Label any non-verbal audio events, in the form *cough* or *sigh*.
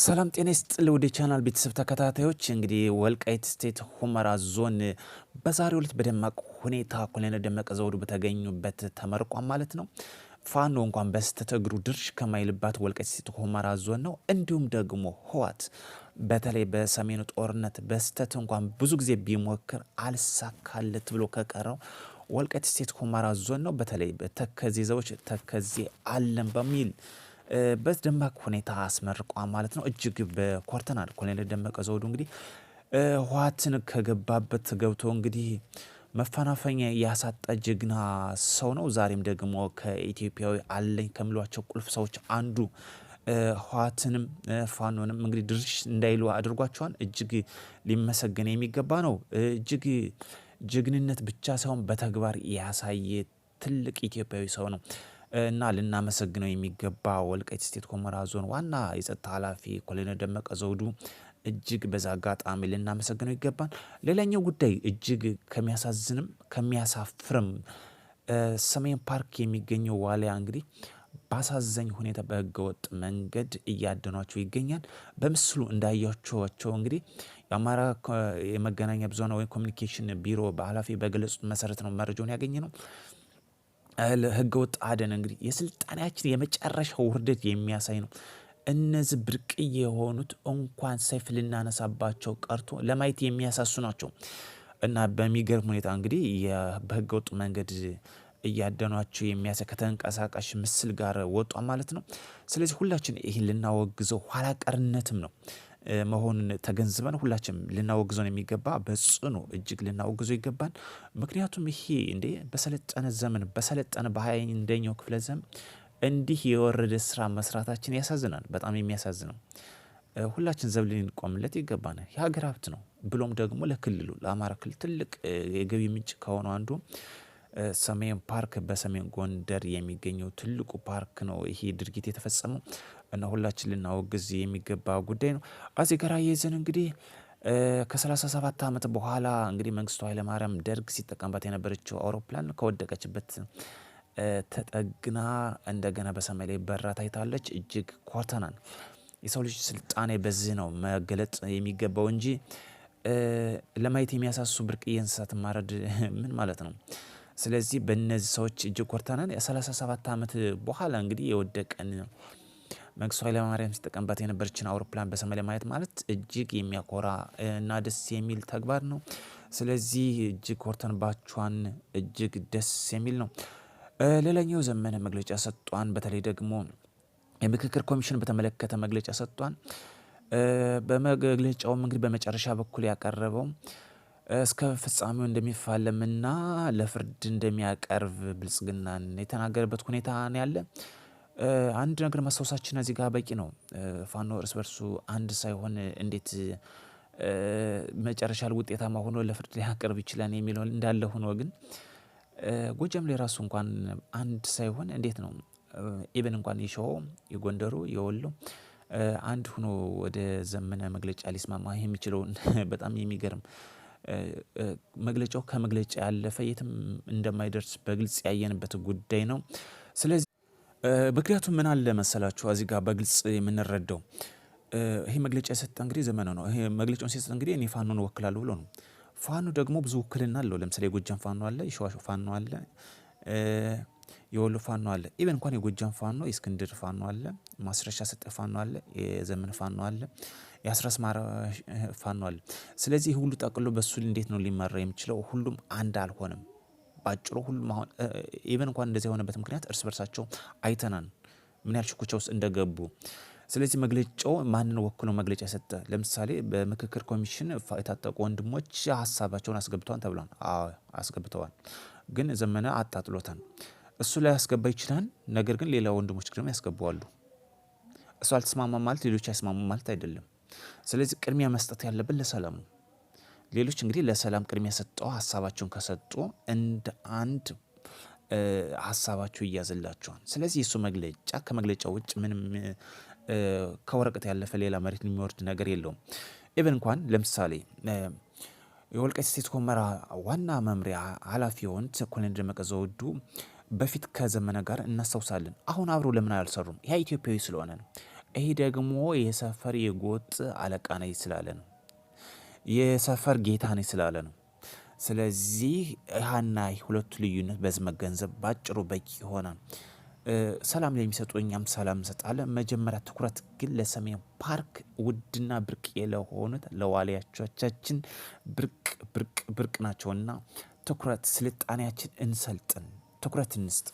ሰላም ጤና ይስጥ ለወደ ቻናል ቤተሰብ ተከታታዮች፣ እንግዲህ ወልቃይት ስቴት ሁመራ ዞን በዛሬው ዕለት በደማቅ ሁኔታ ኮሎኔል ደመቀ ዘውዱ በተገኙበት ተመርቋል ማለት ነው። ፋኖ እንኳን በስተት እግሩ ድርሽ ከማይልባት ወልቃይት ስቴት ሁመራ ዞን ነው። እንዲሁም ደግሞ ህዋት በተለይ በሰሜኑ ጦርነት በስተት እንኳን ብዙ ጊዜ ቢሞክር አልሳካለት ብሎ ከቀረው ወልቃይት ስቴት ሁመራ ዞን ነው። በተለይ ተከዜ ዘቦች ተከዜ አለን በሚል በደማቅ ሁኔታ አስመርቋ ማለት ነው። እጅግ በኮርተናል። ኮሎኔል ደመቀ ዘውዱ እንግዲህ ህወሓትን ከገባበት ገብቶ እንግዲህ መፈናፈኛ ያሳጣ ጀግና ሰው ነው። ዛሬም ደግሞ ከኢትዮጵያዊ አለኝ ከሚሏቸው ቁልፍ ሰዎች አንዱ ህወሓትንም ፋኖንም እንግዲህ ድርሽ እንዳይሉ አድርጓቸዋል። እጅግ ሊመሰገን የሚገባ ነው። እጅግ ጀግንነት ብቻ ሳይሆን በተግባር ያሳየ ትልቅ ኢትዮጵያዊ ሰው ነው። እና ልናመሰግነው የሚገባ ወልቃይት ስቴት ኮመራ ዞን ዋና የጸጥታ ኃላፊ ኮሎኔል ደመቀ ዘውዱ እጅግ በዛ አጋጣሚ ልናመሰግነው ይገባል። ሌላኛው ጉዳይ እጅግ ከሚያሳዝንም ከሚያሳፍርም ሰሜን ፓርክ የሚገኘው ዋሊያ እንግዲህ በአሳዛኝ ሁኔታ በህገወጥ መንገድ እያደኗቸው ይገኛል። በምስሉ እንዳያቸዋቸው እንግዲህ የአማራ የመገናኛ ብዙኃን ወይም ኮሚኒኬሽን ቢሮ በኃላፊ በገለጹት መሰረት ነው መረጃውን ያገኘ ነው። ህገወጥ አደን እንግዲህ የስልጣኔያችን የመጨረሻ ውርደት የሚያሳይ ነው። እነዚህ ብርቅዬ የሆኑት እንኳን ሰይፍ ልናነሳባቸው ቀርቶ ለማየት የሚያሳሱ ናቸው እና በሚገርም ሁኔታ እንግዲህ በህገወጥ መንገድ እያደኗቸው የሚያሳይ ከተንቀሳቃሽ ምስል ጋር ወጧ ማለት ነው። ስለዚህ ሁላችን ይህን ልናወግዘው ኋላ ቀርነትም ነው። መሆኑን ተገንዝበን ሁላችንም ልናወግዘን የሚገባ በጽኑ እጅግ ልናወግዞ ይገባል። ምክንያቱም ይሄ እንዴ በሰለጠነ ዘመን በሰለጠነ በሃያ አንደኛው ክፍለ ዘመን እንዲህ የወረደ ስራ መስራታችን ያሳዝናል። በጣም የሚያሳዝነው ሁላችን ዘብ ልንቆምለት ይገባናል። የሀገር ሀብት ነው ብሎም ደግሞ ለክልሉ ለአማራ ክልል ትልቅ የገቢ ምንጭ ከሆነው አንዱ ሰሜን ፓርክ በሰሜን ጎንደር የሚገኘው ትልቁ ፓርክ ነው። ይሄ ድርጊት የተፈጸመው እና ሁላችን ልናወግዝ የሚገባ ጉዳይ ነው። አጼ የዘን እንግዲህ ከ37 ዓመት በኋላ እንግዲህ መንግስቱ ኃይለማርያም ደርግ ሲጠቀምባት የነበረችው አውሮፕላን ከወደቀችበት ተጠግና እንደገና በሰማይ ላይ በራ ታይታለች። እጅግ ኮርተናል። የሰው ልጅ ስልጣኔ በዚህ ነው መገለጥ የሚገባው እንጂ ለማየት የሚያሳሱ ብርቅዬ እንስሳት ማረድ ምን ማለት ነው? ስለዚህ በእነዚህ ሰዎች እጅግ ኮርተናል። የ37 ዓመት በኋላ እንግዲህ የወደቀን መንግስቱ ኃይለማርያም ሲጠቀምባት የነበረችን አውሮፕላን በሰማይ ማየት ማለት እጅግ የሚያኮራ እና ደስ የሚል ተግባር ነው። ስለዚህ እጅግ ኮርተንባቿን እጅግ ደስ የሚል ነው። ሌላኛው ዘመነ መግለጫ ሰጧን። በተለይ ደግሞ የምክክር ኮሚሽን በተመለከተ መግለጫ ሰጧን። በመግለጫውም እንግዲህ በመጨረሻ በኩል ያቀረበው እስከ ፍጻሜው እንደሚፋለምና ለፍርድ እንደሚያቀርብ ብልጽግናን የተናገረበት ሁኔታ ነው ያለ። አንድ ነገር ማስታወሳችን እዚህ ጋር በቂ ነው። ፋኖ እርስ በርሱ አንድ ሳይሆን እንዴት መጨረሻ ውጤታማ ሆኖ ለፍርድ ሊያቀርብ ይችላል የሚለው እንዳለ ሆኖ ግን ጎጃም ላይ ራሱ እንኳን አንድ ሳይሆን እንዴት ነው ኢብን እንኳን የሸሆ የጎንደሩ የወሎ አንድ ሆኖ ወደ ዘመነ መግለጫ ሊስማማ የሚችለውን *laughs* በጣም የሚገርም መግለጫው ከመግለጫ ያለፈ የትም እንደማይደርስ በግልጽ ያየንበት ጉዳይ ነው። ስለዚህ ምክንያቱም ምን አለ መሰላችሁ እዚህ ጋር በግልጽ የምንረዳው ይሄ መግለጫ የሰጠ እንግዲህ ዘመኑ ነው። ይሄ መግለጫውን ሲሰጥ እንግዲህ እኔ ፋኖን እወክላለሁ ብሎ ነው። ፋኖ ደግሞ ብዙ ውክልና አለው። ለምሳሌ የጎጃም ፋኖ አለ፣ የሸዋ ፋኖ አለ፣ የወሎ ፋኖ አለ። ኢቨን እንኳን የጎጃም ፋኖ የእስክንድር ፋኖ አለ፣ ማስረሻ ሰጠ ፋኖ አለ፣ የዘመን ፋኖ አለ። የአስረስ ማረ ስለዚህ ሁሉ ጠቅሎ በሱ እንዴት ነው ሊመራ የሚችለው? ሁሉም አንድ አልሆንም። ባጭሩ ሁሉም አሁን ኢቨን እንኳን እንደዚህ የሆነበት ምክንያት እርስ በርሳቸው አይተናን ምን ያህል ሽኩቻ ውስጥ እንደገቡ ስለዚህ መግለጫው ማንን ወክሎ መግለጫ ሰጠ? ለምሳሌ በምክክር ኮሚሽን የታጠቁ ወንድሞች ሀሳባቸውን አስገብተዋል ተብሏል። አስገብተዋል፣ ግን ዘመነ አጣጥሎታል። እሱ ላይ ያስገባ ይችላል። ነገር ግን ሌላ ወንድሞች ደግሞ ያስገባዋሉ። እሱ አልተስማማ ማለት ሌሎች አይስማሙ ማለት አይደለም። ስለዚህ ቅድሚያ መስጠት ያለብን ለሰላም ነው። ሌሎች እንግዲህ ለሰላም ቅድሚያ ሰጠው ሀሳባቸውን ከሰጡ እንደ አንድ ሀሳባቸው ይያዝላቸዋል። ስለዚህ የእሱ መግለጫ ከመግለጫ ውጭ ምንም ከወረቀት ያለፈ ሌላ መሬት የሚወርድ ነገር የለውም። ኢብን እንኳን ለምሳሌ የወልቃይት ስቴት ኮመራ ዋና መምሪያ ኃላፊ የሆኑት ኮሎኔል ደመቀ ዘውዱ በፊት ከዘመነ ጋር እናስታውሳለን። አሁን አብሮ ለምን አልሰሩም? ያ ኢትዮጵያዊ ስለሆነ ነው። ይሄ ደግሞ የሰፈር የጎጥ አለቃ ነኝ ስላለ ነው። የሰፈር ጌታ ነኝ ስላለ ነው። ስለዚህ ሀና ሁለቱ ልዩነት በዚህ መገንዘብ ባጭሩ በቂ ሆነ። ሰላም ለሚሰጡ እኛም ሰላም እንሰጣለን። መጀመሪያ ትኩረት ግን ለሰሜን ፓርክ ውድና ብርቅ ለሆኑት ለዋልያቻችን ብርቅ ብርቅ ብርቅ ናቸውና ትኩረት ስልጣኔያችን እንሰልጥን፣ ትኩረት እንስጥ።